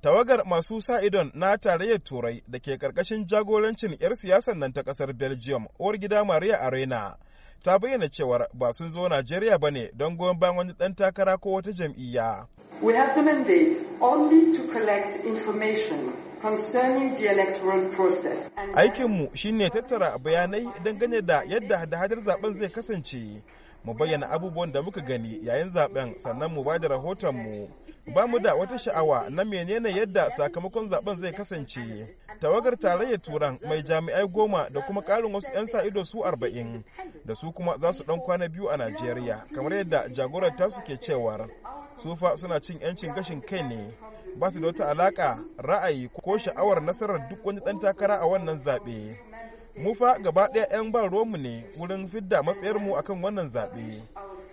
tawagar masu sa idon na tarayyar turai da ke karkashin jagorancin 'yar siyasar nan ta kasar belgium uwar gida maria arena ta bayyana cewar ba sun zo najeriya ba ne don goyon bayan wani dan takara ko wata jam'iyya we have the mandate only to collect information concerning the electoral process aikinmu shine tattara bayanai dangane da yadda hada-hadar zaben zai kasance mu bayyana abubuwan da muka gani yayin zaben sannan mu bada rahoton mu ba mu da wata sha'awa na menene yadda sakamakon zaben zai kasance tawagar tarayyar turan mai jami'ai goma da kuma karin wasu 'yan sa ido su arba'in da su kuma za su dan kwana biyu a najeriya kamar yadda jagorar ta suke cewar sufa suna cin 'yancin gashin kai ne ba su da wata alaka ra'ayi ko sha'awar nasarar duk wani dan takara a wannan zaɓe. mu fa gaba ɗaya 'yan ban romu ne wurin fidda mu akan wannan zaɓe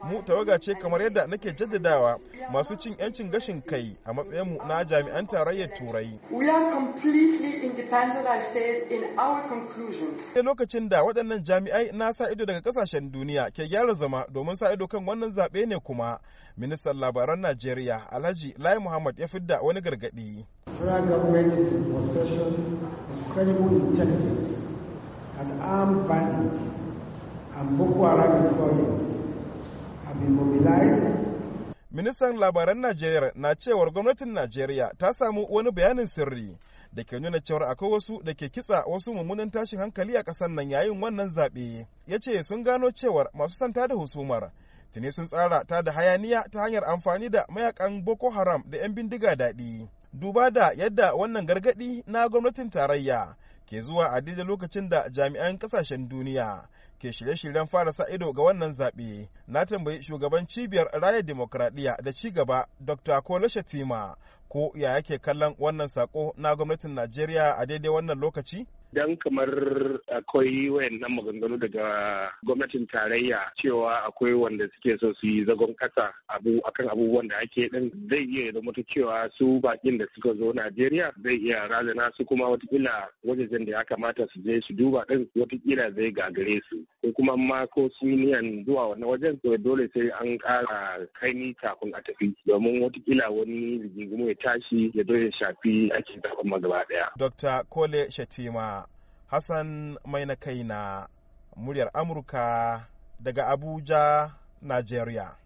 mu tawaga ce kamar yadda nake jaddadawa masu cin 'yancin gashin kai a mu na jami'an tarayyar turai sai lokacin da waɗannan jami'ai na sa ido daga ƙasashen duniya ke gyara zama domin sa ido kan wannan zaɓe ne kuma ministan labaran najeriya alhaji lai muhammad ya fidda wani gargaɗi Federal government is in possession of incredible intelligence that armed bandits and Boko Haram insurgents have been mobilized Ministan labaran Najeriya na cewar gwamnatin Najeriya ta samu wani bayanin sirri da ke nuna cewar akwai wasu da ke kitsa wasu mummunan tashin hankali a ƙasar nan yayin wannan zaɓe. Ya ce sun gano cewar masu santa da husumar tuni sun tsara ta da hayaniya ta hanyar amfani da mayakan Boko Haram da 'yan bindiga daɗi. Duba da yadda wannan gargaɗi na gwamnatin tarayya ke zuwa a lokacin da jami'an kasashen duniya ke shirye-shiryen fara sa ido ga wannan zaɓe na tambayi shugaban cibiyar raya demokradiyya da ci gaba dr kola shatima ko ya yake kallon wannan sako na gwamnatin najeriya a daidai wannan lokaci dan kamar akwai wayannan maganganu daga gwamnatin tarayya cewa akwai wanda suke so su yi zagon kasa abu akan abubuwan da ake din zai iya da mutu cewa su bakin da suka zo Najeriya zai iya razana su kuma watakila wajajen da ya kamata su je su duba din watakila zai gagare su ko kuma ma ko su niyan zuwa wannan wajen to dole sai an kara kaini kafin a tafi domin watakila wani rigingimu ya tashi ya zo ya shafi aikin zaben mu gaba daya. Dr. Kole Shatima Hassan mai na kai na muryar Amurka daga Abuja, Najeriya.